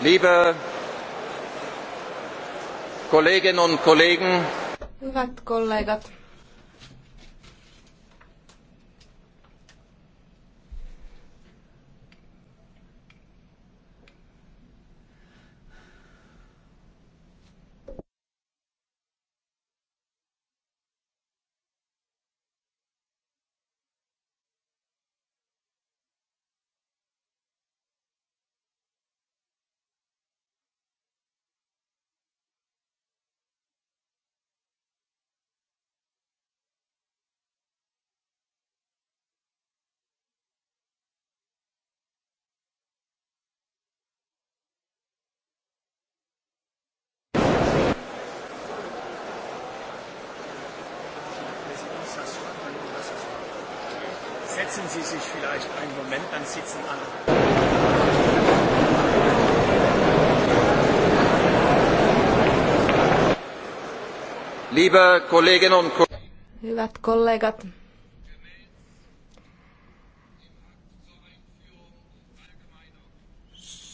Liebe Kolleginnen und Kollegen, Hyvät kollegat, Setzen Sie sich vielleicht einen Moment, dann sitzen alle. Liebe Kolleginnen und Kollegen. Hyvät kollegat.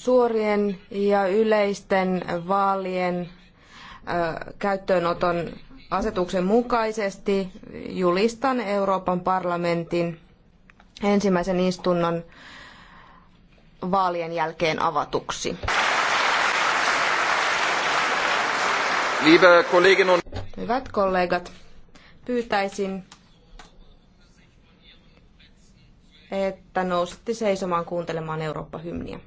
Suorien ja yleisten vaalien käyttöönoton asetuksen mukaisesti julistan Euroopan parlamentin ensimmäisen istunnon vaalien jälkeen avatuksi. Hyvät kollegat, pyytäisin, että nousitte seisomaan kuuntelemaan Eurooppa-hymniä.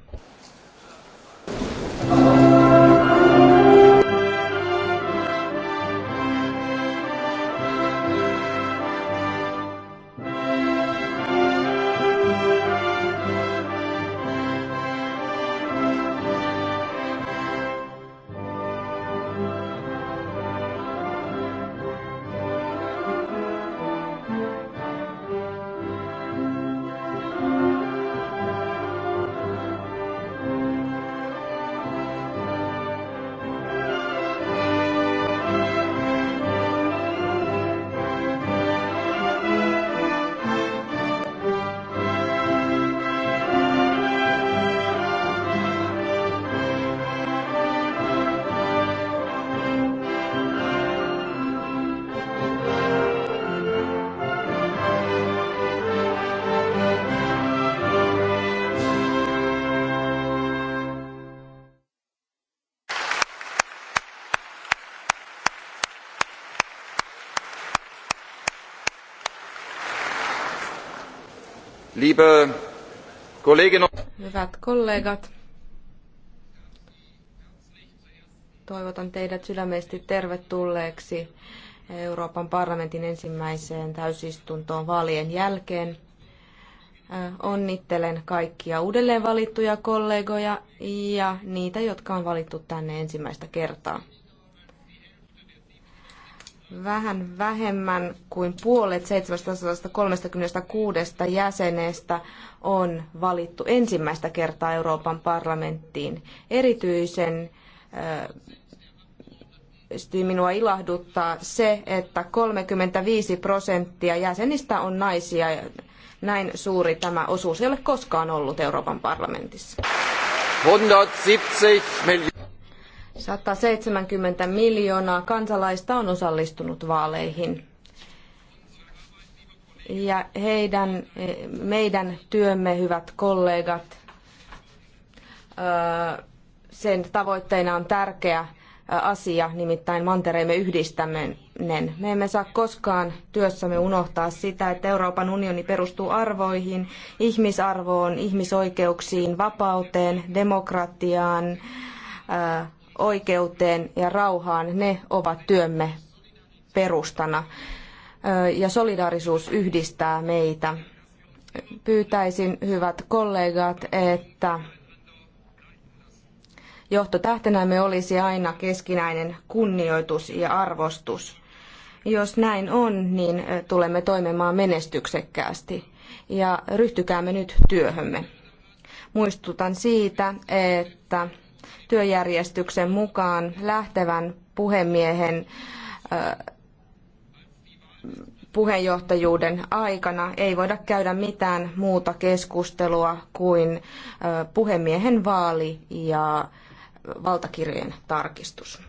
Hyvät kollegat, toivotan teidät sydämesti tervetulleeksi Euroopan parlamentin ensimmäiseen täysistuntoon vaalien jälkeen. Äh, onnittelen kaikkia uudelleen valittuja kollegoja ja niitä, jotka on valittu tänne ensimmäistä kertaa vähän vähemmän kuin puolet 736 jäsenestä on valittu ensimmäistä kertaa Euroopan parlamenttiin. Erityisen minua ilahduttaa se, että 35 prosenttia jäsenistä on naisia. Näin suuri tämä osuus ei ole koskaan ollut Euroopan parlamentissa. 170 170 miljoonaa kansalaista on osallistunut vaaleihin. Ja heidän, meidän työmme, hyvät kollegat, sen tavoitteena on tärkeä asia, nimittäin mantereemme yhdistäminen. Me emme saa koskaan työssämme unohtaa sitä, että Euroopan unioni perustuu arvoihin, ihmisarvoon, ihmisoikeuksiin, vapauteen, demokratiaan, oikeuteen ja rauhaan, ne ovat työmme perustana. Ja solidaarisuus yhdistää meitä. Pyytäisin, hyvät kollegat, että johtotähtenämme olisi aina keskinäinen kunnioitus ja arvostus. Jos näin on, niin tulemme toimimaan menestyksekkäästi ja ryhtykäämme nyt työhömme. Muistutan siitä, että työjärjestyksen mukaan lähtevän puhemiehen puheenjohtajuuden aikana ei voida käydä mitään muuta keskustelua kuin puhemiehen vaali ja valtakirjojen tarkistus.